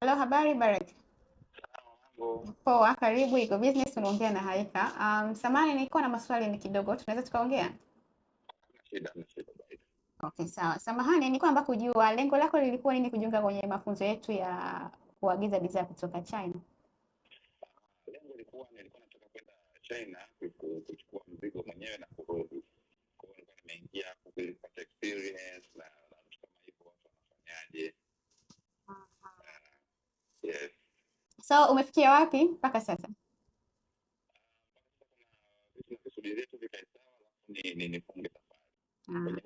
Halo, habari Baraka. Poa, karibu Iko Business, unaongea na Haika. Um, samani niko na maswali ni kidogo, tunaweza tukaongea? Okay, sawa. Samahani, niko naomba kujua lengo lako lilikuwa nini kujiunga kwenye mafunzo yetu ya kuagiza bidhaa kutoka China? Lengo lilikuwa nilikuwa nataka kwenda China kuchukua mzigo mwenyewe na kurudi. So umefikia wapi mpaka sasa? Ah.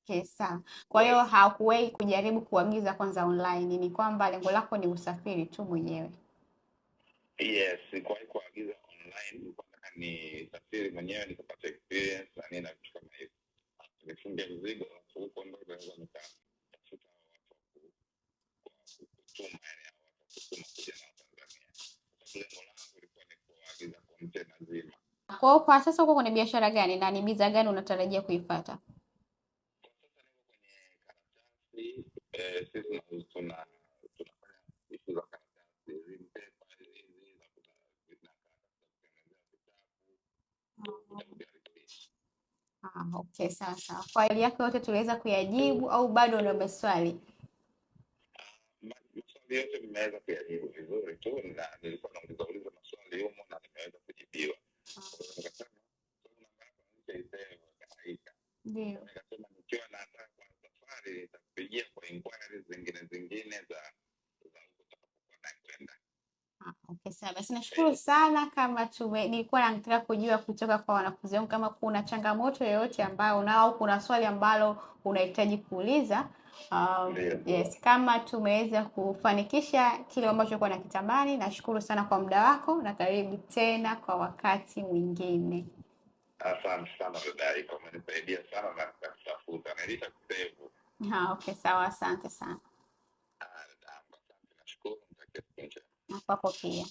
Okay, sawa. Kwa hiyo hakuwahi kujaribu kuagiza kwanza online, ni kwamba lengo lako ni usafiri tu mwenyewe. Yes, sikuwahi kuagiza online, nataka nisafiri mwenyewe nikapata experience na nini na vitu kama hivyo. Nifunge mzigo nzima. Kwa hiyo kwa sasa uko kwenye biashara gani na ni bidhaa gani unatarajia kuipata? Ah, okay, sasa kwa Swali yako yote tuliweza kuyajibu au bado una maswali? Ah, maswali yote nimeweza kuyajibu vizuri tu, na nilikuwa nauliza uliza maswali humo akasema nikiwa kwa safari kwa inquiry zingine zingine za za huko nakwenda. Ah, okay, sawa basi, nashukuru sana. Kama tume nilikuwa nataka kujua kutoka kwa wanafunzi wangu kama kuna changamoto yoyote ambayo unao au kuna swali ambalo unahitaji kuuliza. Um, yes, kama tumeweza kufanikisha kile ambacho na kitamani nashukuru sana kwa muda wako na karibu tena kwa wakati mwingine. Asante sana dada Iko, umenisaidia sana na nitakutafuta nailita kusevu. Ah, okay, sawa, asante sana. Ah, asante, nashukuru. Nitakia siku njema. Kwako pia.